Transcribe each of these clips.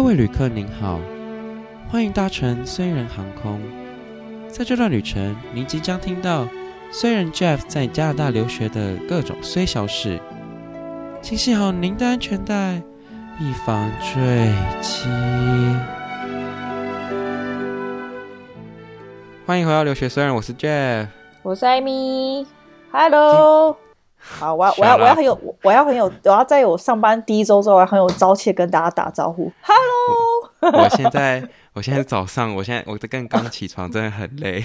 各位旅客您好，歡迎搭乘雖然航空。在這段旅程，您即將聽到雖然 Jeff 在加拿大留學的各種雖小事，請繫好您的安全帶，以防墜機。歡迎回到留學雖然，我是 Jeff，我是艾米。Hello。好，我要我要我要很有，我要很有，我要在我上班第一周之後我要很有朝氣跟大家打招呼，Hello！ 我現在我現在早上，我現在我剛剛起床，真的很累。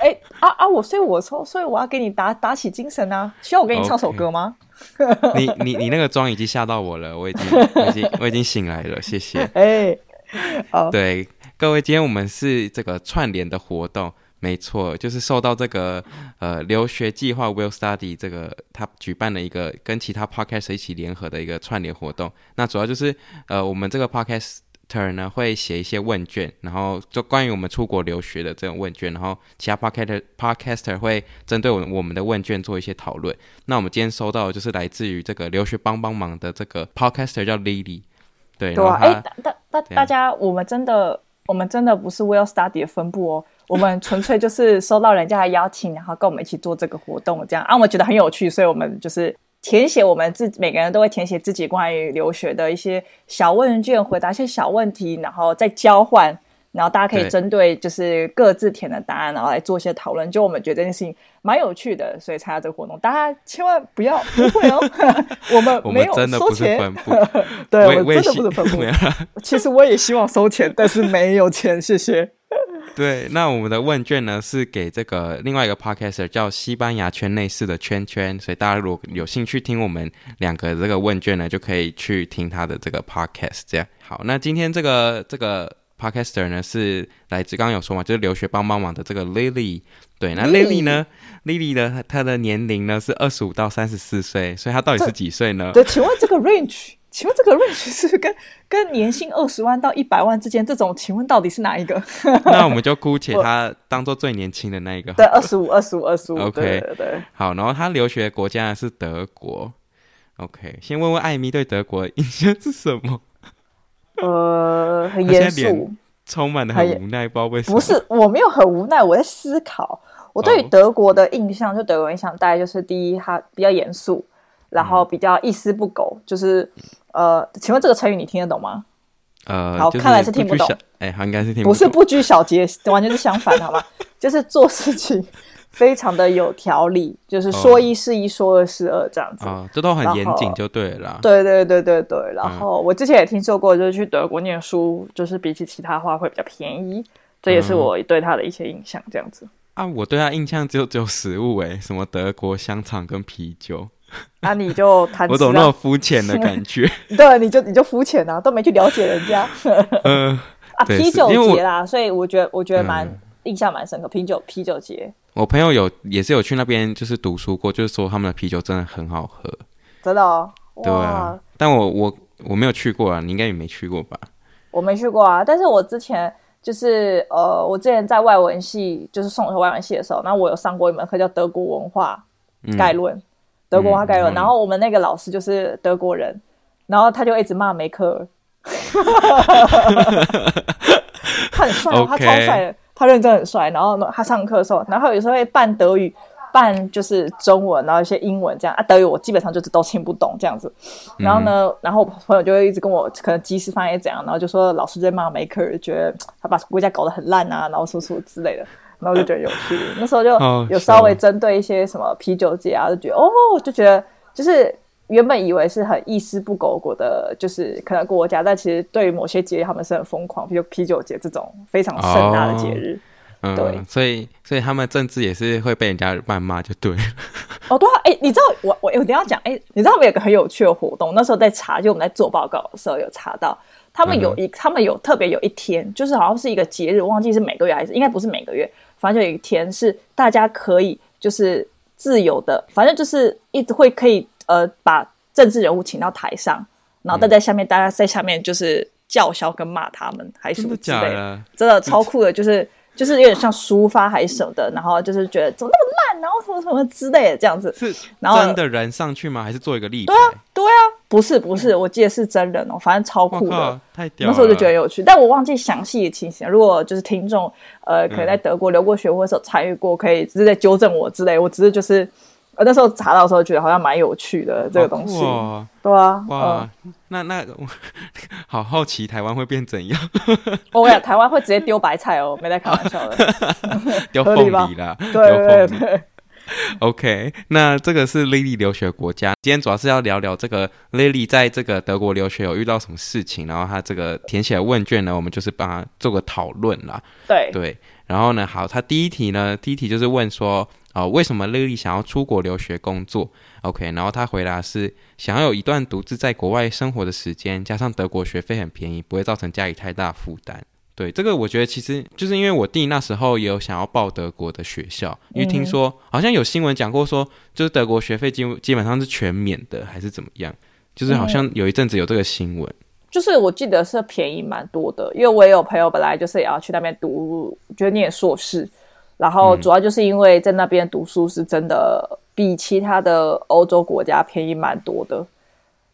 哎、 欸、啊啊！我睡我說，所以我要給你打打起精神啊！需要我給你唱首歌嗎？Okay. 你你你那個妝已經嚇到我了，我已經我已經我已經醒來了， 謝謝。哎、欸，對各位，今天我們是這個串聯的活動。沒錯，就是受到這個呃留學計劃 Will Study 這個他舉辦了一個跟其他 Podcast 一起聯合的一個串聯活動。那主要就是呃我們這個 Podcaster 呢會寫一些問卷，然後就關於我們出國留學的這種問卷，然後其他 Podcast Podcaster 會針對我我們的問卷做一些討論。那我們今天收到的就是來自於這個留學幫幫忙的這個 Podcaster 叫 Lily，對對哎大大大家，啊、我們真的我們真的不是 Will Study 的分部哦。 我們純粹就是收到人家的邀請，然後跟我們一起做這個活動，這樣啊，我覺得很有趣，所以我們就是填寫我們自己每個人都會填寫自己關於留學的一些小問卷，回答一些小問題，然後再交換，然後大家可以針對就是各自填的答案，對然後來做一些討論。就我們覺得這件事情蠻有趣的，所以參加這個活動，大家千萬不要誤會哦， 我們沒有收錢，們 對，未我真的不是粉紅。未 其實我也希望收錢， 但是沒有錢，謝謝。 對，那我們的問卷呢，是給這個另外一個 podcaster 叫，西班牙圈內事的圈圈，所以大家如果有興趣聽我們兩個這個問卷呢，就可以去聽他的這個 podcast。這樣。好，那今天這個這個 podcaster 呢，是來自剛剛有說嘛，就是留學幫幫忙的這個 Lily。對，那 Lily 呢，嗯，Lily 的她的年齡呢是二十五到三十四歲，所以她到底是幾歲呢？對，請問這個 range。 請問這個 rich 是跟跟年薪二十萬到一百萬之間？這種請問到底是哪一個？ 那我們就姑且他當做最年輕的那一個。對，二十五，二十五，二十五。OK，對，對，對。好，然後他留學的國家的是德國。OK，先問問艾米對德國的印象是什麼？呃，很嚴肅，充滿了很無奈，也不知道為什麼。不是，我沒有很無奈，我在思考。我對於德國的印象，哦、就德國印象大概就是第一，他比較嚴肅。然後比較一絲不苟，就是呃，請問這個成語你聽得懂嗎？呃，好，看來是聽不懂。哎，應該是聽不懂。不是不拘小節，完全是相反的，好嗎？就是做事情非常的有條理，就是說一是一，說二是二這樣子。啊，這都很嚴謹就對了。對對對對對。然後我之前也聽說過，就是去德國念書，就是比起其他話會比較便宜，這也是我對他的一些印象這樣子。啊，我對他印象只有只有食物，哎，什麼德國香腸跟啤酒。那你就談我怎麼那麼膚淺的感覺，對，你就你就膚淺啊，都沒去了解人家。呃，啊，啤酒節啦，所以我覺得我覺得蠻印象蠻深刻，啤酒啤酒節。我朋友有也是有去那邊就是讀書過，就是說他們的啤酒真的很好喝，真的哦，對啊。但我我我沒有去過啊，你應該也沒去過吧？我沒去過啊，但是我之前就是呃，我之前在外文系就是送我外文系的時候，那我有上過一門課叫《德國文化概論》。德國話概論，嗯、然後我們那個老師就是德國人，嗯、然後他就一直罵梅克爾， 他很帥，哦， 他超帥，他認真很帥。Okay. 然後呢，他上課的時候，然後有時候會扮德語，扮就是中文，然後一些英文這樣啊。德語我基本上就是都聽不懂這樣子。然後呢，嗯、然後我朋友就會一直跟我，可能即時翻譯怎樣，然後就說老師在罵梅克爾，覺得他把國家搞得很爛啊，然後說出之類的。然後 就覺得有趣，那時候就有稍微針對一些什麼啤酒節啊，就覺得哦，就覺得就是原本以為是很一絲不苟過的，就是可能國家，但其實對於某些節日，他們是很瘋狂，比如啤酒節這種非常盛大的節日。哦、對、嗯，所以所以他們甚至也是會被人家謾罵，就對。哦，對哎、啊欸，你知道我我有點要講，哎、欸，你知道我們有一個很有趣的活動，那時候在查，就我們在做報告的時候有查到，他們有一、嗯、哼他們有特別有一天，就是好像是一個節日，我忘記是每個月還是應該不是每個月。反正有一天是大家可以就是自由的，反正就是一直會可以呃，把政治人物請到台上，然後在在下面、嗯、大家在下面就是叫囂跟罵他們還是什麼之類的，真的假的？真的超酷的，是就是就是有點像抒發還是什麼的，然後就是覺得怎麼那麼爛，然後什麼什麼之類的這樣子，然後是真的人上去嗎？還是做一個立牌？對啊不是不是，我記得是真人哦，反正超酷的，太屌了。那時候我就覺得有趣，但我忘記詳細的情形。如果就是聽眾，呃，可能在德國留過學或者參與過，可以只是在糾正我之類。我只是就是，那時候查到的時候覺得好像蠻有趣的這個東西。哇、哦，對啊，哇、呃、那那好好奇台灣會變怎樣？哦呀，台灣會直接丟白菜哦， 沒在開玩笑的，丟鳳 梨啦，丟鳳對梨。OK，那這個是 Lily 留學國家。今天主要是要聊聊這個 Lily 在這個德國留學有遇到什麼事情，然後她這個填寫的問卷呢，我們就是幫她做個討論啦。對對，然後呢，好，她第一題呢，第一題就是問說，啊、呃，為什麼 Lily 想要出國留學工作？OK，然後她回答是想要有一段獨自在國外生活的時間，加上德國學費很便宜，不會造成家裡太大負擔。對，這個我覺得其實就是因為我弟那時候也有想要報德國的學校，嗯、因為聽說好像有新聞講過說，說就是德國學費基基本上是全免的，還是怎麼樣？就是好像有一陣子有這個新聞、嗯，就是我記得是便宜蠻多的，因為我也有朋友本來就是也要去那邊讀，覺、就、得、是、念碩士，然後主要就是因為在那邊讀書是真的比其他的歐洲國家便宜蠻多的，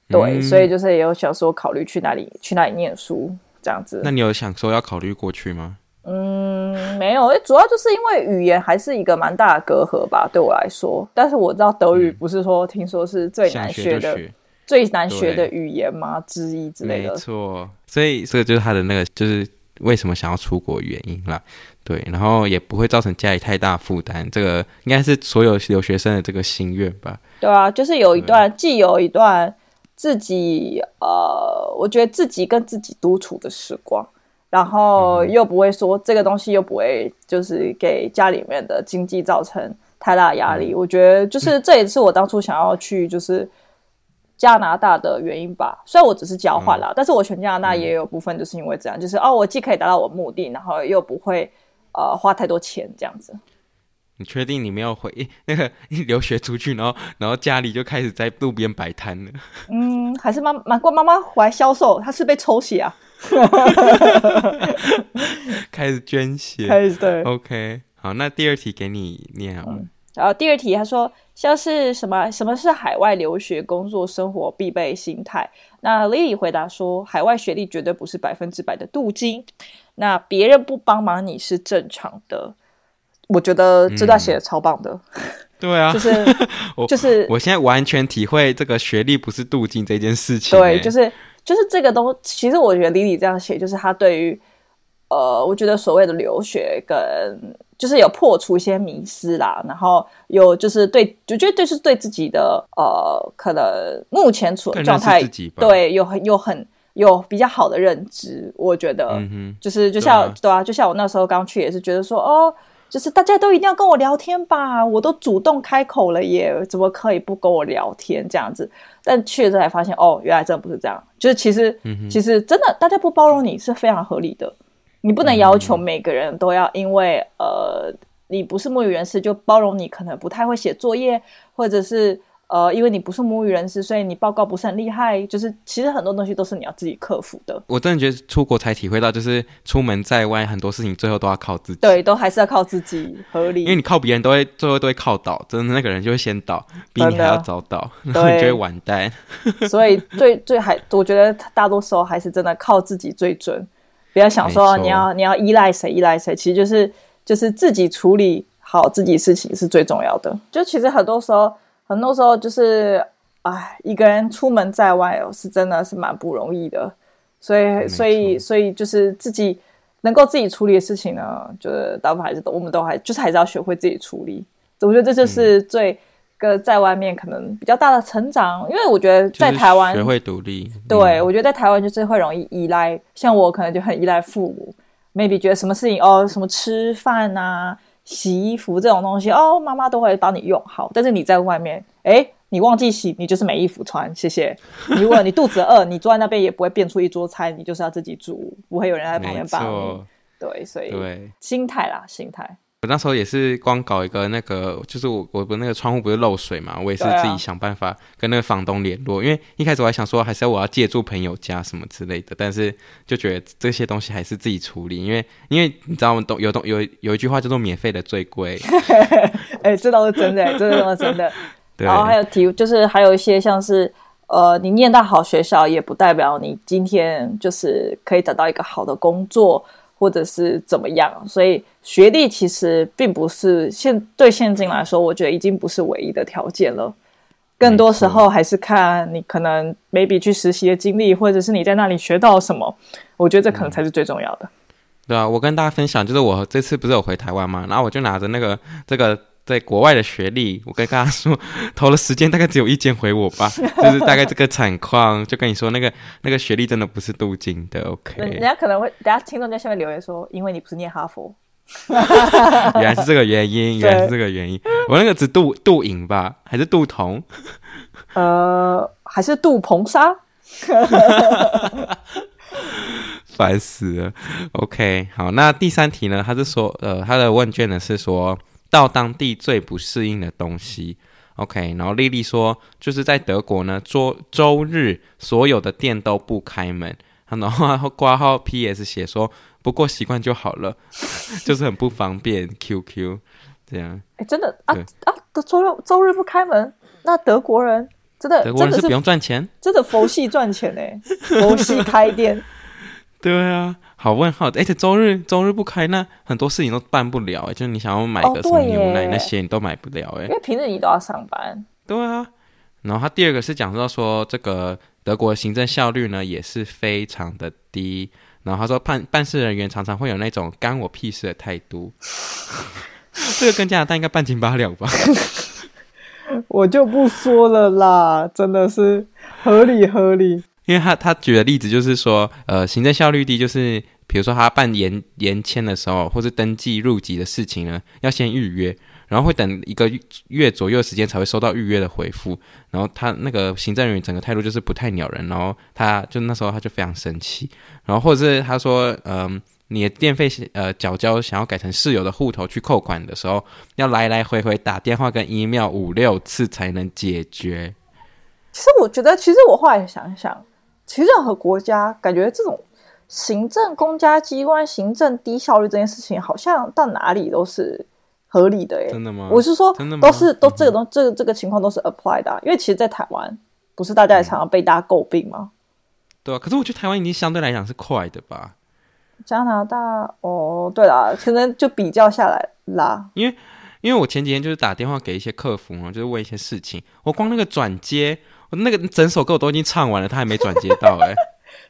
對，嗯、所以就是也有想說考慮去哪裡去哪裡念書。這樣子，那你有想說要考慮過去嗎？嗯，沒有，主要就是因為語言還是一個蠻大的隔閡吧， 對我來說。但是我知道德語不是說，嗯、聽說是最難學的學學最難學的語言嗎？對之一之類的。沒錯，所以這個就是他的那個，就是為什麼想要出國的原因啦。對，然後也不會造成家裡太大負擔，這個應該是所有留學生的這個心願吧。對啊，就是有一段，對既有一段。自己呃，我覺得自己跟自己獨處的時光，然後又不會說這個東西又不會就是給家裡面的經濟造成太大的壓力。我覺得就是這也是我當初想要去就是加拿大的原因吧。雖然我只是交換啦，但是我選加拿大也有部分就是因為這樣，就是哦，我既可以達到我的目的，然後又不會呃花太多錢這樣子。你確定你沒有回那個你留學出去，然後然後家裡就開始在路邊擺攤了。嗯，還是媽媽過媽媽回來銷售，她是被抽血啊。 開始捐血，開始對。OK，好，那第二題給你念好了。然後、嗯、第二題他說像是什麼什麼是海外留學工作生活必備心態？那 Lily 回答說海外學歷絕對不是百分之百的鍍金，那別人不幫忙你是正常的。我覺得這段寫的超棒的，嗯、對啊， 就是 我就是我現在完全體會這個學歷不是鍍金這件事情、欸，對，就是就是這個東，其實我覺得李李這樣寫，就是他對於呃，我覺得所謂的留學跟就是有破除一些迷思啦，然後有就是對，就覺得就是對自己的呃，可能目前處的狀態，對，有很有很有比較好的認知，我覺得、嗯、哼就是就像對啊，對啊，就像我那時候剛去也是覺得說哦。就是大家都一定要跟我聊天吧，我都主動開口了耶，怎麼可以不跟我聊天這樣子？但去了之後才發現，哦，原來真的不是這樣。就是其實，嗯、哼其實真的，大家不包容你是非常合理的。你不能要求每個人都要，因為、嗯、哼呃，你不是母語人士，就包容你，可能不太會寫作業，或者是。呃，因為你不是母語人士，所以你報告不是很厲害。就是其實很多東西都是你要自己克服的。我真的覺得出國才體會到，就是出門在外，很多事情最後都要靠自己。對，都還是要靠自己合理。因為你靠別人都會最後都會靠倒，真的那個人就會先倒，比你還要早倒，的然後你就會完蛋。對 所以最最還，我覺得大多時候還是真的靠自己最準。不要想說錯你要你要依賴誰依賴誰，其實就是就是自己處理好自己事情是最重要的。就其實很多時候。很多時候就是，哎，一個人出門在外哦，是真的是蠻不容易的，所以，沒錯。所以，所以就是自己能夠自己處理的事情呢，就是大部分還是都，我們都還就是還是要學會自己處理。我覺得這就是最個在外面可能比較大的成長，嗯、因為我覺得在台灣學會獨立，對、嗯、我覺得在台灣就是會容易依賴，像我可能就很依賴父母，maybe 覺得什麼事情哦，什麼吃飯吶、啊。洗衣服這種東西哦，媽媽都會幫你用好。但是你在外面，哎，你忘記洗，你就是沒衣服穿。謝謝。如果你肚子餓， 你坐在那邊也不會變出一桌菜，你就是要自己煮，不會有人在旁邊幫你。錯對，所以對心態啦，心態。我那時候也是光搞一個那個，就是我我那個窗戶不是漏水嘛，我也是自己想辦法跟那個房東聯絡。啊、因為一開始我還想說還是要我要借住朋友家什麼之類的，但是就覺得這些東西還是自己處理，因為因為你知道我們東有東有有，有一句話叫做免費的最貴，哎、欸，這倒是真的，這倒是真的真的。然後還有提就是還有一些像是呃，你念到好學校也不代表你今天就是可以找到一個好的工作，或者是怎麼樣，所以學歷其實並不是現對現今來說，我覺得已經不是唯一的條件了。更多時候還是看你可能 maybe 去實習的經歷，或者是你在那裡學到什麼，我覺得這可能才是最重要的。嗯，對啊，我跟大家分享，就是我這次不是有回台灣嘛，然後我就拿着那個這個。在國外的學歷，我跟他說投了時間，大概只有一間回我吧，就是大概這個慘況。就跟你說那個那個學歷真的不是鍍金的。O K，人家可能會，人家聽眾在下面留言說，因為你不是念哈佛， 原來是這個原因，原來是這個原因。對我那個只鍍鍍銀吧，還是鍍銅？呃，還是鍍硼砂。煩 死了。OK，好，那第三題呢？他是說，呃，他的問卷呢是說。到當地最不適應的東西，OK。然後 Lily 說，就是在德國呢，周周日所有的店都不開門。她然後括號 PS 寫說，不過習慣就好了， 就是很不方便。QQ 這樣。哎，真的啊對啊，周六周日不開門，那德國人真的真的是不用賺錢，真的佛系賺錢呢、欸。 佛系開店。對啊。好問號，而且週日週日不開呢，那很多事情都辦不了、欸。哎，就你想要買個什麼牛奶那些，你都買不了、欸。哎、哦，因為平日你都要上班。對啊。然後他第二個是講到說，這個德國行政效率呢也是非常的低。然後他說辦辦事人員常常會有那種干我屁事的態度。 這個跟加拿大應該半斤八兩吧？ 我就不說了啦，真的是合理合理。 因為他他舉的例子就是說，呃，行政效率低就是。比如說他辦延延簽的時候，或是登記入籍的事情呢，要先預約，然後會等一個月左右時間才會收到預約的回復。然後他那個行政人員整個態度就是不太鳥人，然後他就那時候他就非常生氣。然後或者是他說，嗯、呃，你的電費呃繳交想要改成室友的戶頭去扣款的時候，要來來回回打電話跟 email 五六次才能解決。其實我覺得，其實我後來想一想，其實任何國家感覺這種。行政公家機關行政低效率這件事情，好像到哪裡都是合理的哎，真的嗎？我是說，真的嗎都是、嗯、哼都這個東這個這個情況都是 apply 的、啊，因為其實，在台灣不是大家也常常被大家詬病嗎、嗯？對啊，可是我覺得台灣已經相對來講是快的吧？加拿大哦，對啊，可能就比較下來啦， 因為因為我前幾天就是打電話給一些客服嘛，就是問一些事情，我光那個轉接，我那個整首歌我都已經唱完了，他還沒轉接到哎、欸，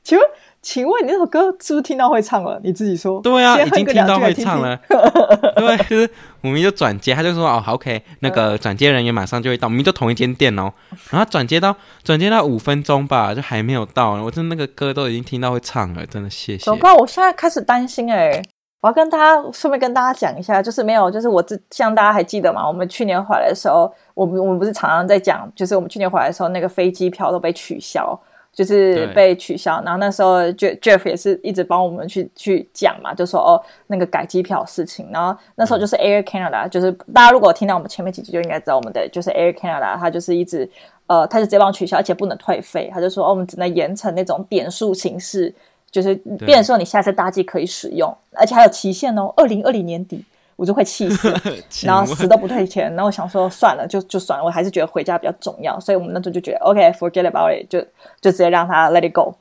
就。 請問你那首歌是不是聽到會唱了？你自己說。對啊，已經聽到會唱了。聽聽 對，就是我們就轉接，他就說哦，好，OK，那個轉接人員馬上就會到，嗯、我們就同一間店哦。然後轉接到轉接到五分鐘吧，就還沒有到。我真的那個歌都已經聽到會唱了，真的謝謝。糟糕，我現在開始擔心哎、欸！我要跟大家順便跟大家講一下，就是沒有，就是我這像大家還記得嗎？我們去年回來的時候，我們我們不是常常在講，就是我們去年回來的時候，那個飛機票都被取消。就是被取消，對然後那時候 Jeff 也是一直幫我們去去講嘛，就說哦，那個改機票事情，然後那時候就是 Air Canada，、嗯、就是大家如果聽到我們前面幾集就應該知道我們的就是 Air Canada，他就是一直呃他就直接幫我取消，而且不能退費，他就說哦，我們只能延成那種點數形式，就是變說你下次搭機可以使用，對而且還有期限哦，二零二零年底。我就會氣死， 問然後死都不退錢。然後我想說算了，就就算了，我還是覺得回家比較重要。所以我們那時候就覺得，OK，forget、okay, about it，就就直接讓他 let it go。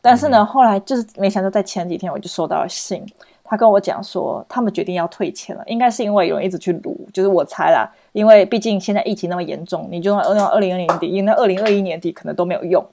但是呢，嗯、後來就是沒想到，在前幾天我就收到了信，他跟我講說他們決定要退錢了。應該是因為有人一直去擼，就是我猜啦。因為畢竟現在疫情那麼嚴重，你就那二零二零年底，因為那二零二一年底可能都沒有用，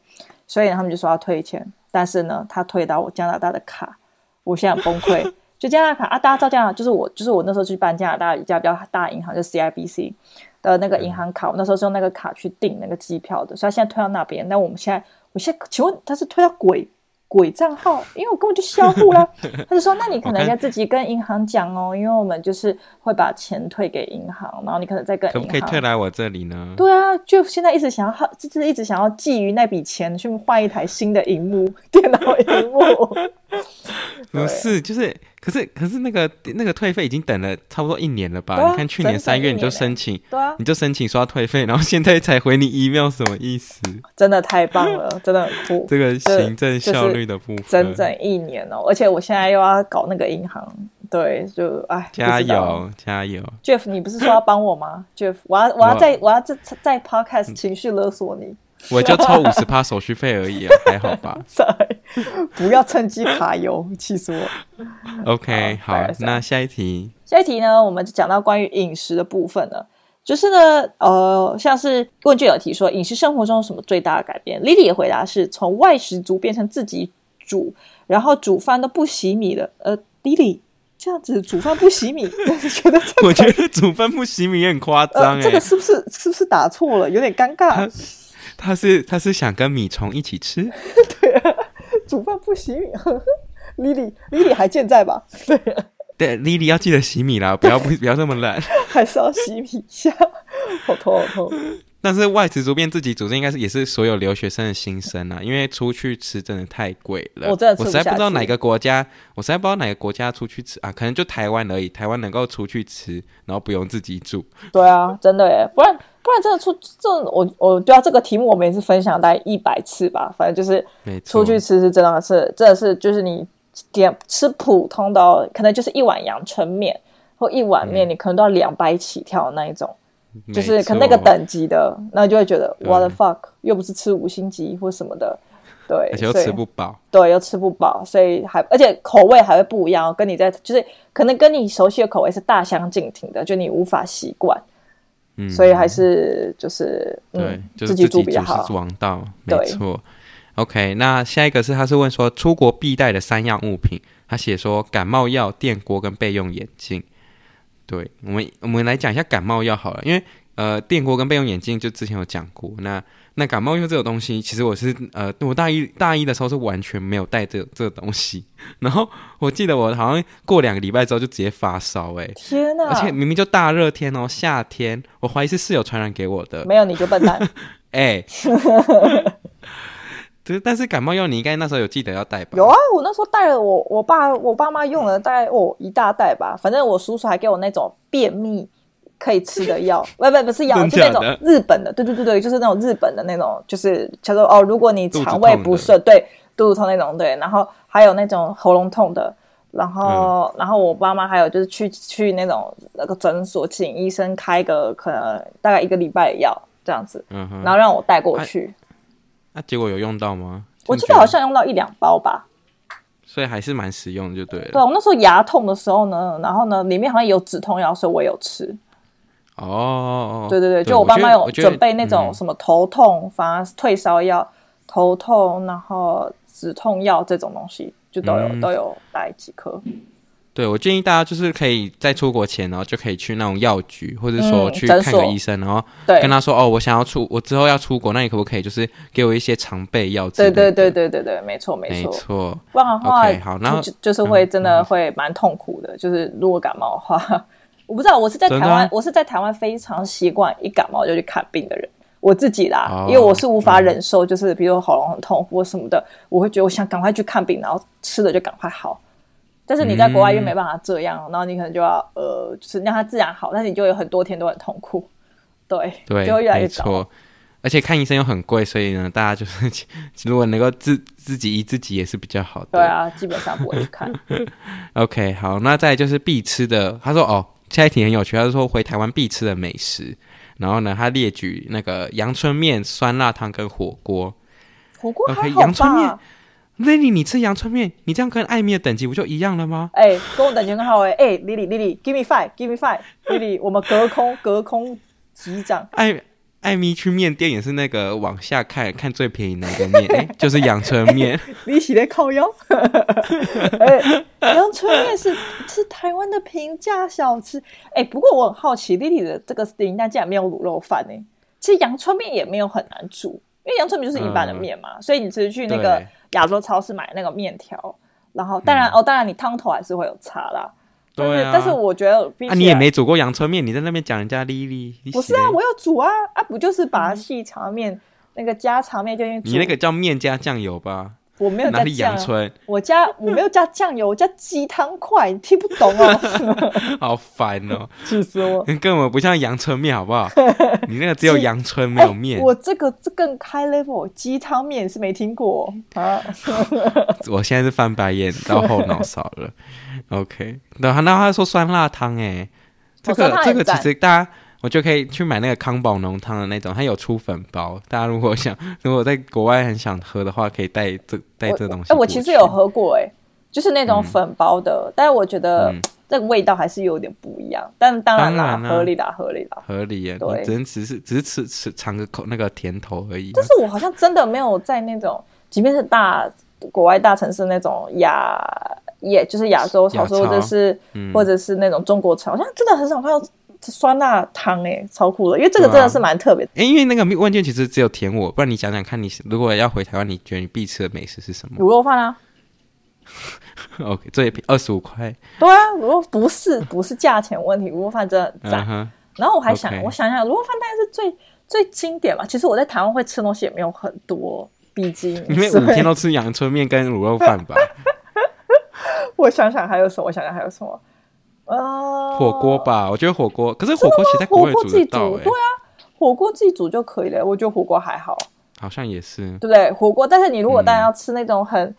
所以他們就說要退錢。但是呢，他退到我加拿大的卡，我現在很崩潰。 就加拿大卡啊，大家照這樣，就是我，就是我那時候去辦加拿大一家比較大銀行，就是、C I B C 的那個銀行卡，對我那時候是用那個卡去訂那個機票的，所以現在退到那邊。那我們現在，我現在請問他是退到鬼鬼賬號，因為我根本就銷戶了。 他就說，那你可能要自己跟銀行講哦、喔，因為我們就是會把錢退給銀行，然後你可能再跟銀行可不可以退來我這裡呢？對啊，就現在一直想要，就是一直想要覬覦那筆錢去換一台新的螢幕，電腦螢幕。 對不是，就是。可是，可是那個那個退費已經等了差不多一年了吧？啊、你看去年三月你就申請，整整欸對啊、你就申請刷退費，然後現在才回你 email，什麼意思？真的太棒了， 真的很酷。這個行政效率的部分，整整一年哦、喔！而且我現在又要搞那個銀行，對，就哎，加油加油！Jeff，你不是說要幫我嗎 ？Jeff，我要我要在哇我要再在在 podcast 情緒勒索你。嗯我就抽五十趴，手續費而已了， 還好吧？ 不要趁機揩油，氣死 我！OK，好，那下一題，下一題呢？我們就講到關於飲食的部分了，就是呢，呃，像是問卷有提說飲食生活中有什麼最大的改變，Lily 的回答是從外食族變成自己煮，然後煮飯都不洗米的。呃，Lily 這樣子煮飯不洗米， 覺得、這個、我覺得煮飯不洗米也很誇張哎，這個是不是是不是打錯了？有點尷尬。 他是他是想跟米蟲一起吃？ 對啊，煮飯不洗米。呵呵，Lily，Lily 還健在吧？對啊，對，Lily 要記得洗米啦，不要 不要不要那麼懶， 還是要洗米一下，好痛好痛。 但是外食週邊自己煮，應該是也是所有留學生的心聲啊！因為出去吃真的太貴了，我真的吃不下。我實在不知道哪個國家，我實在不知道哪個國家出去吃啊，可能就台灣而已。台灣能夠出去吃，然後不用自己煮。對啊，真的耶。不然不然真的出這我我對啊，這個題目，我每次分享大概一百次吧。反正就是出去吃是真的事，是真的是就是你點吃普通的，可能就是一碗陽春麵或一碗麵，你可能都要兩百起跳的那一種。嗯就是可那個等級的，錯那就會覺得 what the fuck，又不是吃五星級或什麼的，對，而且又吃不飽，對，又吃不飽，所以還而且口味還會不一樣哦，跟你在就是可能跟你熟悉的口味是大相徑庭的，就你無法習慣，嗯，所以還是就是、嗯、對，自己煮比較好是王道，沒錯。對 OK，那下一個是他是問說出國必帶的三樣物品，他寫說感冒藥、電鍋跟備用眼鏡。對我們，我們來講一下感冒藥好了，因為呃，電鍋跟備用眼鏡就之前有講過。那那感冒藥這個東西，其實我是呃，我大一大一的時候是完全沒有帶這個、這個東西。然後我記得我好像過兩個禮拜之後就直接發燒，哎，天哪！而且明明就大熱天哦，夏天，我懷疑是室友傳染給我的。沒有你就笨蛋，哎、 欸。 對，但是感冒藥你應該那時候有記得要帶吧？有啊，我那時候帶了我，我我爸、我爸媽用了大概、嗯、哦一大袋吧。反正我叔叔還給我那種便秘可以吃的藥，不不 不是藥，是就那種日本的，對，對對對對，就是那種日本的那種，就是他說哦，如果你腸胃不順，對，肚子痛那種，對，然後還有那種喉嚨痛的，然後、嗯、然後我爸媽還有就是去去那種那個診所，請醫生開個可能大概一個禮拜的藥這樣子，嗯、哼然後讓我帶過去。那、啊、結果有用到嗎？我記得好像用到一兩包吧，所以還是蠻實用的，就對了。對我那時候牙痛的時候呢，然後呢，裡面好像有止痛藥，所以我有吃。哦，oh, 對對對，對就我爸媽有準備那種什麼頭痛、反而、嗯、退燒藥、頭痛然後止痛藥這種東西，就都有、嗯、都有帶幾顆。對，我建議大家就是可以在出國前，然後就可以去那種藥局，或者說去看個醫生，嗯、然後跟他說：“對哦，我想要出，我之後要出國，那你可不可以就是給我一些常備藥？”對對對對對對，沒錯沒錯。沒錯，不然的話，okay, 好，然後就，就，就是會真的會蠻痛苦的。嗯、就是如果感冒的話， 我不知道，我是在台灣，啊、我是在台灣非常習慣一感冒就去看病的人，我自己啦，哦、因為我是無法忍受，嗯、就是比如說喉嚨很痛或什麼的，我會覺得我想趕快去看病，然後吃了就趕快好。但是你在國外又沒辦法這樣，嗯、然後你可能就要呃，就是讓它自然好，但你就有很多天都很痛苦，對，對，就會越來越糟。而且看醫生又很貴，所以呢，大家就是如果能夠自自己醫自己也是比較好的。對啊，基本上不會去看。 OK，好，那再就是必吃的。他說哦，現在挺很有趣，他是說回台灣必吃的美食。然後呢，他列舉那個陽春麵、酸辣湯跟火鍋。火鍋還好陽春麵 Lily，你吃陽春麵，你這樣跟艾米的等級不就一樣了嗎？哎、欸，跟我等級很好哎、欸！哎、欸、，Lily，Lily，give me five，give me five，Lily，我們隔空 隔空擊掌。艾艾米去麵店也是那個往下看看最便宜的那個麵，哎、欸，就是陽春麵。 欸、你洗得靠腰。哎、 欸，陽春麵是是台灣的平價小吃。哎、欸，不過我很好奇，Lily 的這個店，那竟然沒有滷肉飯呢、欸？其實陽春麵也沒有很難煮，因為陽春麵就是一般的麵嘛，呃、所以你直接去那個。亞洲超市買那個麵條，然後當然、嗯、哦，當然你湯頭還是會有差啦。對、啊但是，但是我覺得，啊，你也沒煮過陽春麵，你在那邊講人家麗麗，Lily, 不是啊，我要煮啊，啊，不就是把細長麵、嗯、那個加長麵就用煮。你那個叫麵加醬油吧。我沒有哪裡陽春，我家我沒有加醬油， 我加雞湯塊，你聽不懂啊？好煩哦，氣死我， 你根本不像陽春麵，好不好？ 你那個只有陽春沒有麵、欸，我這個這更、個、high level，雞湯麵是沒聽過啊， 我現在是翻白眼到後腦勺了 ，OK，那他那他說酸辣湯哎、欸，這個、哦、這個其實大家。我就可以去買那個康寶濃湯的那種，它有出粉包。大家如果想，如果在國外很想喝的話，可以帶這帶這東西。哎、欸，我其實有喝過哎、欸，就是那種粉包的，嗯、但是我覺得這個味道還是有點不一樣。嗯、但當然啦、啊，然啊、合理啦，合理啦，合理耶對。只是只是只是吃吃嘗個口那個甜頭而已、啊。但是我好像真的沒有在那種，即便是大國外大城市那種亞，也就是亞洲，或者說，或者是或者是那種中國城，嗯、好像真的很少看到。酸辣湯哎、欸，超酷的，因為這個真的是蠻特別的。哎、欸，因為那個問卷其實只有填我，不然你想想看，你如果要回台灣，你覺得你必吃的美食是什麼？滷肉飯啊。 OK，這也便宜，二十五塊。對啊，如果不是不是價錢問題，滷 肉飯真的讚。嗯、哼然後我還想，Okay. 我想想，滷肉飯當然是最最經典嘛。其實我在台灣會吃東西也沒有很多，畢竟你們五天都吃陽春面跟滷肉飯吧。 我想想還有什麼？我想想還有什麼？啊，哦、火鍋吧，我覺得火鍋，可是火鍋其實在、欸、火鍋自己煮，對啊，火鍋自己煮就可以了。我覺得火鍋還好，好像也是，對不對？火鍋，但是你如果大家要吃那種很、嗯、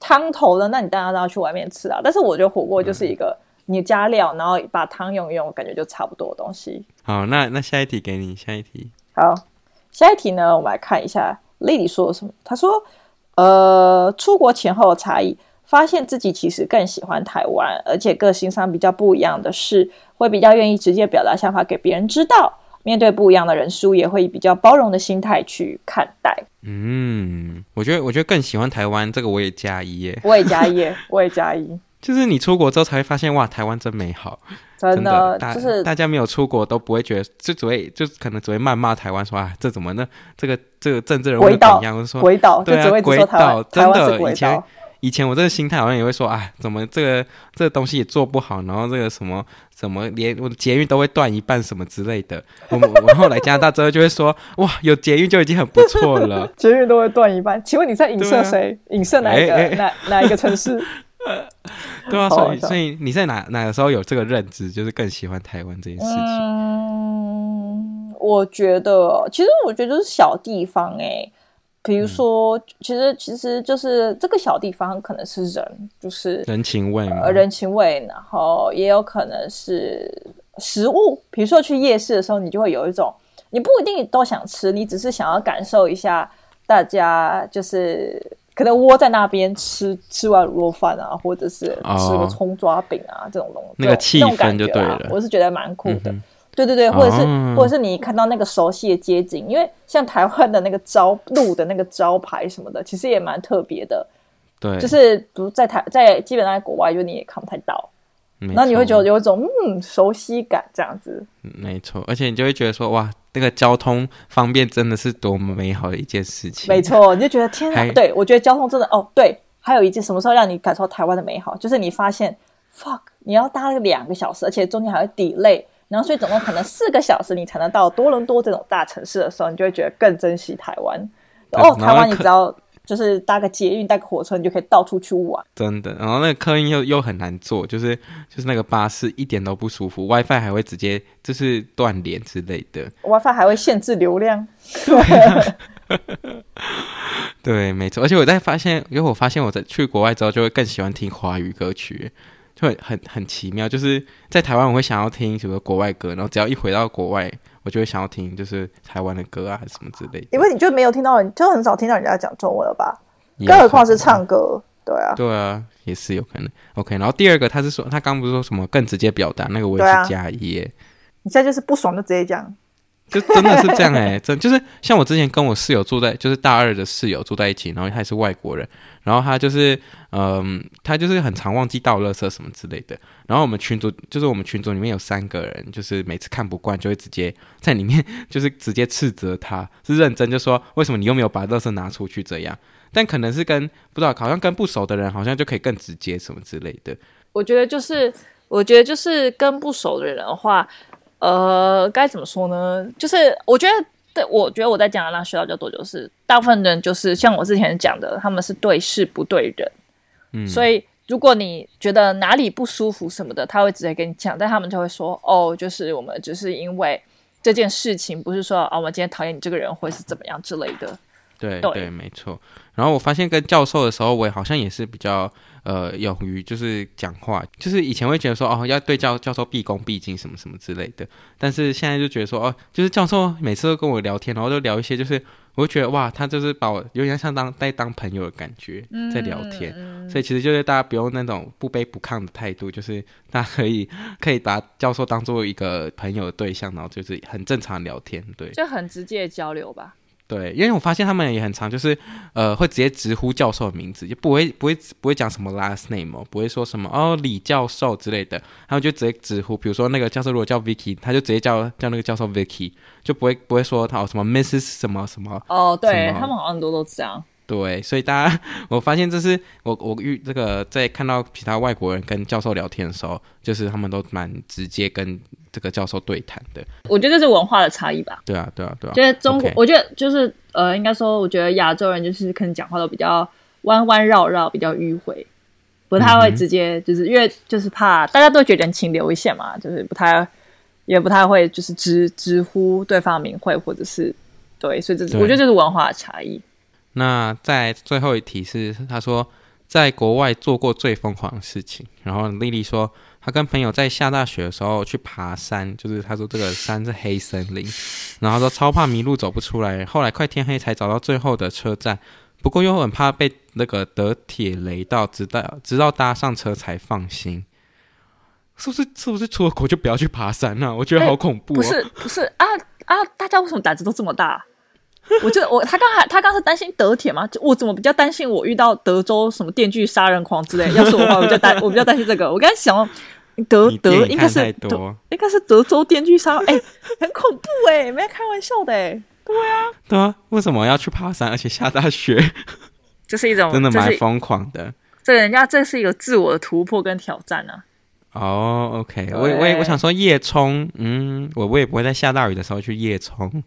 湯頭的，那你當然要去外面吃啊。但是我覺得火鍋就是一個你加料，嗯、然後把湯用一用，感覺就差不多的東西。好，那那下一題給你，下一題。好，下一題呢，我們來看一下 Lily 說的什麼。她說，呃，出國前後的差異。發現自己其實更喜歡台灣，而且個性上比較不一樣的是，會比較願意直接表達想法給別人知道。面對不一樣的人事物也會以比較包容的心態去看待。嗯，我覺得，我覺得更喜歡台灣，這個我也加一耶。我也加一耶，我也加一。就是你出國之後才會發現，哇，台灣真美好。真的，真的大就是大家沒有出國都不會覺得，就只會就可能只會謾罵台灣，說啊，這怎麼呢？這個這個政治人物怎樣？島說，鬼島，對啊，鬼島真的以前。以前我這個心態好像也會說啊、哎，怎麼這個這個東西也做不好，然後這個什麼什麼連我的捷運都會斷一半什麼之類的。我我後來加拿大之後就會說， 哇，有捷運就已經很不錯了。捷運都會斷一半，請問你在影射誰？啊、影射哪一個欸欸哪哪一個城市？對啊，所以所以你在哪哪個時候有這個認知，就是更喜歡台灣這件事情？嗯，我覺得，其實我覺得就是小地方哎、欸。比如說，嗯、其實其實就是這個小地方，可能是人，就是人情味、呃，人情味，然後也有可能是食物。比如說去夜市的時候，你就會有一種，你不一定都想吃，你只是想要感受一下，大家就是可能窩在那邊吃吃完滷肉飯啊，或者是吃個蔥抓餅啊、哦、這種東西，那個氣氛就對了。啊、我是覺得蠻酷的。嗯對對對，或者是、哦、或者是你看到那個熟悉的街景，因為像台灣的那個招路的那個招牌什麼的，其實也蠻特別的。對，就是不在台在基本上在國外，就你也看不太到。然後錯你會覺得有一種嗯熟悉感，這樣子。沒錯，而且你就會覺得說哇，那個交通方便真的是多麼美好的一件事情。沒錯，你就覺得天啊！還對我覺得交通真的哦，對，還有一件什麼時候讓你感受到台灣的美好，就是你發現 fuck 你要搭了兩個小時，而且中間還會 delay。然後，所以總共可能四個小時，你才能到多倫多這種大城市的時候，你就會覺得更珍惜台灣。嗯、哦，台灣，你只要就是搭個捷運、搭、呃、個火車，你就可以到處去玩。真的，然後那個客運又又很難坐，就是就是那個巴士一點都不舒服，WiFi 還會直接就是斷連之類的。WiFi 還會限制流量？對。 對，沒錯。而且我在發現，因為我發現我在去國外之後，就會更喜歡聽華語歌曲。就很很奇妙，就是在台灣我會想要聽什麼國外歌，然後只要一回到國外，我就會想要聽就是台灣的歌啊，還是什麼之類。因為你就沒有聽到人，就很少聽到人家講中文了吧？啊、更何況是唱歌，對啊，對啊，也是有可能。OK，然後第二個他是說，他剛不是說什麼更直接表達那個我也，我是加一耶。你現在就是不爽就直接講。就真的是這樣哎、欸， 真的就是像我之前跟我室友住在，就是大二的室友住在一起，然後他也是外國人，然後他就是，嗯、呃，他就是很常忘記倒垃圾什麼之類的。然後我們群組，就是我們群組裡面有三個人，就是每次看不慣就會直接在裡面就是直接斥責他，是認真就說，為什麼你又沒有把垃圾拿出去這樣？但可能是跟不知道，好像跟不熟的人好像就可以更直接什麼之類的。我覺得就是，我覺得就是跟不熟的人的話。呃，該怎麼說呢？就是我覺得，對我覺得我在加拿大學到就多，就是大部分人就是像我之前講的，他們是對事不對人，嗯，所以如果你覺得哪裡不舒服什麼的，他會直接跟你講，但他們就會說哦，就是我們只是因為這件事情，不是說啊，我們今天討厭你這個人會是怎麼樣之類的。對對，對，沒錯。然後我發現跟教授的時候，我也好像也是比較。呃，勇於就是講話，就是以前會覺得說哦，要對教教授畢恭畢敬什麼什麼之類的，但是現在就覺得說哦，就是教授每次都跟我聊天，然後都聊一些，就是我就覺得哇，他就是把我有點像當在當朋友的感覺在聊天，嗯，所以其實就是大家不用那種不卑不亢的態度，就是大家可以可以把教授當做一個朋友的對象，然後就是很正常聊天，對，就很直接的交流吧。對，因為我發現他們也很常，就是呃，會直接直呼教授的名字，就不會不會不會講什麼 last name 哦，不會說什麼哦李教授之類的，他們就直接直呼，比如說那個教授如果叫 Vicky，他就直接叫叫那個教授 Vicky，就不會不會說他、哦、什麼 Mrs. 什麼什麼哦，oh, 對，麼他們好像很多都這樣。對，所以大家，我發現這是我我遇這個在看到其他外國人跟教授聊天的時候，就是他們都蠻直接跟這個教授對談的。我覺得這是文化的差異吧？對啊，對啊，對啊。就是中國，Okay. 我覺得就是呃，應該說，我覺得亞洲人就是可能講話都比較彎彎繞繞，比較迂回，不太會直接，就是嗯嗯因為就是怕大家都覺得人情留一線嘛，就是不太也不太會就是直直呼對方名諱，或者是對，所以這是對我覺得這是文化的差異。那在最後一題是，他說在國外做過最瘋狂的事情。然後麗麗說，她跟朋友在下大雪的時候去爬山，就是她說這個山是黑森林，然後說超怕迷路走不出來，後來快天黑才找到最後的車站，不過又很怕被那個德鐵雷到，直到直到搭上車才放心。是不是是不是出了國就不要去爬山啊？我覺得好恐怖、哦。欸、不是不是啊啊！大家為什麼膽子都這麼大、啊？ 我就，我他剛剛他剛是擔心德鐵嗎？就我怎麼比較擔心我遇到德州什麼電鋸殺人狂之類的？要是說的話我就擔 我比較擔心這個。我剛才想到德德應該是德多應該是德州電鋸殺哎、 欸，很恐怖哎、欸，沒開玩笑的哎、欸。對啊對啊，為什麼要去爬山而且下大雪？就是一種 真的蠻瘋狂的這。這人家這是一個自我的突破跟挑戰啊。哦、oh,，OK，對我我我想說夜衝，嗯，我我也不會在下大雨的時候去夜衝。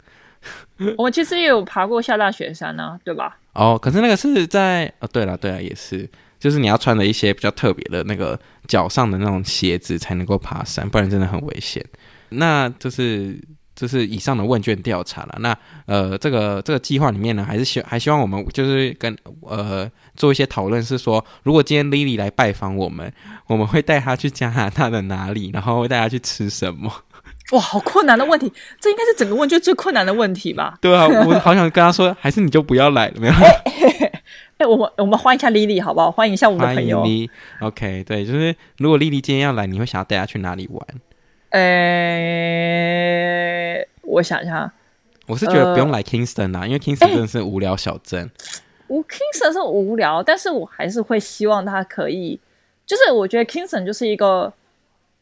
我、 oh, 其實也有爬過下大雪山呢、啊，對吧？哦，oh, 可是那個是在……哦、oh,，對了，對了，也是，就是你要穿的一些比較特別的那個腳上的那種鞋子，才能夠爬山，不然真的很危險。那就是就是以上的問卷調查了。那呃，這個這個計劃裡面呢，還是希還希望我們就是跟呃做一些討論，是說如果今天 Lily 來拜訪我們，我們會帶她去加拿大的哪裡？然後會帶她去吃什麼？哇，好困難的問題！這應該是整個問卷最困難的問題吧？ 對啊，我好想跟他說，還是你就不要來了。沒有，哎，我們我們歡迎一下莉莉好不好？歡迎一下我的朋友。OK，對，就是如果莉莉今天要來，你會想要帶她去哪裡玩？呃、欸，我想想，我是覺得不用來 Kingston 啦、啊，呃、因為 Kingston 真的是無聊小鎮。欸、我 Kingston 是無聊，但是我還是會希望他可以，就是我覺得 Kingston 就是一個。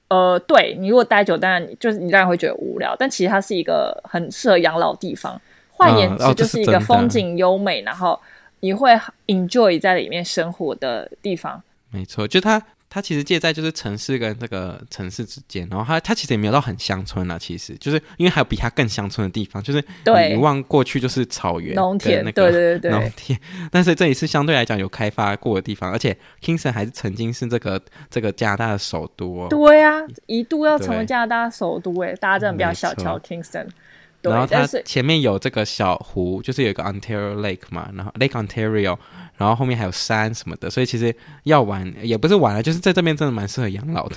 呃，對，你如果待久，當然你就是你當然會覺得無聊，但其實它是一個很適合養老的地方。換言之，就是一個風景優美，哦哦、然後你會很 enjoy 在裡面生活的地方。沒錯，就它。它其實介在就是城市跟這個城市之間，然後它它其實也沒有到很鄉村了，啊。其實，就是因為還有比它更鄉村的地方，就是你對、呃、望過去就是草原，那個，農田，對對對對。農田，但是這裡是相對來講有開發過的地方，而且 Kingston 還是曾經是這個這個加拿大的首都，哦。對啊，一度要成為加拿大首都誒，對大家真的不要小錯瞧 Kingston。對，然後它前面有這個小湖，就是有一個 Ontario Lake 嘛，然後 Lake Ontario。然後後面還有山什麼的，所以其實要玩也不是玩了，就是在這邊真的蠻適合養老的。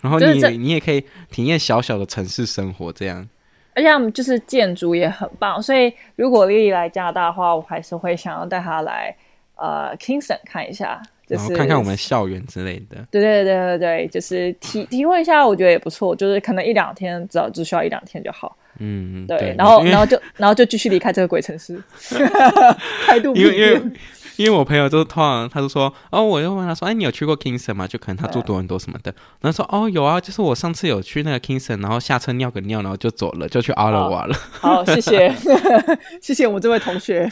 然後你你也可以體驗小小的城市生活這樣。而且我們就是建築也很棒，所以如果 Lily 來加拿大的話，我還是會想要帶她來呃 Kingston 看一下，就是然後看看我們的校園之類的。對對對對對，就是體體會一下，我覺得也不錯。就是可能一兩天，只要只需要一兩天就好。嗯嗯，對。對然後因為 然後就然後就繼續離開這個鬼城市，態 度因為因因為我朋友就通常，他就說：“哦，我又問他說，哎，你有去過 Kingston 嗎？就可能他住多倫多什麼的。對”然後說：“哦，有啊，就是我上次有去那個 Kingston，然後下車尿個尿，然後就走了，就去阿拉瓦了。哦”好， 謝謝， 謝謝我們這位同學。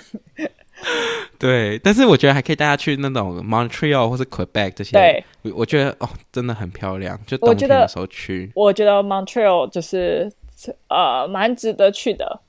對，但是我覺得還可以帶他去那種 Montreal 或是 Quebec 這些。對，我覺得哦，真的很漂亮，就冬天的時候去。我覺得，得 Montreal 就是呃，蠻值得去的，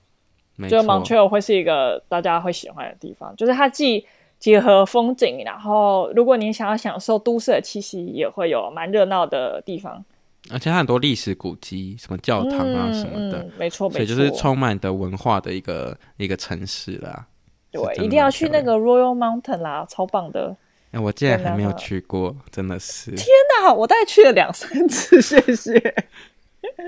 錯就 Montreal 會是一個大家會喜歡的地方，就是它既結合風景，然後如果你想要享受都市的氣息，也會有蠻熱鬧的地方，而且它很多歷史古蹟，什麼教堂啊、嗯、什麼的，沒錯，沒錯，所以就是充滿的文化的一個一個城市啦。對，一定要去那個 Royal Mountain 啦，超棒的。哎，我竟然還沒有去過，天哪，真的是。天哪，我大概去了兩三次，謝謝。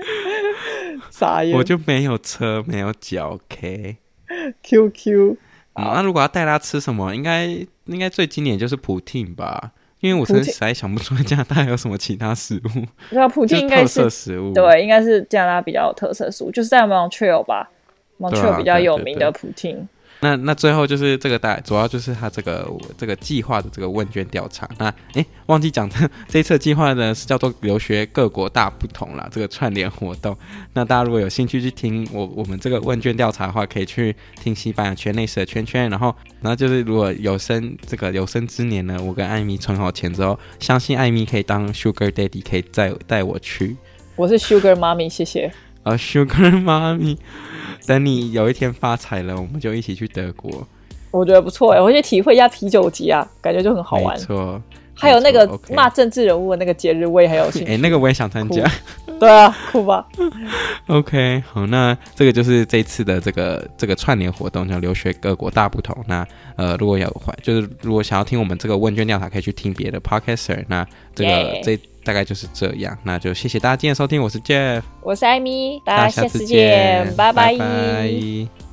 傻眼言。我就沒有車，沒有腳，K、okay、Q Q。那如果要帶他吃什麼，應該應該最經典也就是普汀吧，因為我實在想不出來加拿大有什麼其他食物。那普汀應該是食物是，對，應該是加拿大比較有特色的食物，就是在 Montreal 吧，Montreal、啊、比較有名的普汀。對對對那那最後就是這個大，主要就是他這個這個計劃的這個問卷調查。那哎、欸，忘記講，這一次計劃呢是叫做“留學各國大不同”啦，這個串聯活動。那大家如果有興趣去聽我我們這個問卷調查的話，可以去聽西班牙圈內是圈圈。然後，然後就是如果有生這個有生之年呢，我跟艾米存好錢之後，相信艾米可以當 Sugar Daddy，可以帶帶我去。我是 Sugar 媽咪，謝謝。啊，Sugar 媽咪，等你有一天發財了，我們就一起去德國。我覺得不錯哎、欸，我去體會一下啤酒節啊，感覺就很好玩。沒錯，還有那個罵政治人物的那個節日，我也還有興趣。哎、欸，那個我也想參加。對啊，酷吧。 OK，好，那這個就是這次的這個這個串聯活動，叫留學各國大不同。那呃，如果要換就是如果想要聽我們這個問卷調查，可以去聽別的 Podcast。那這個這。Yeah. 大概就是這樣，那就謝謝大家今天收聽，我是 Jeff，我是 Amy，大家下次見，拜拜。拜拜。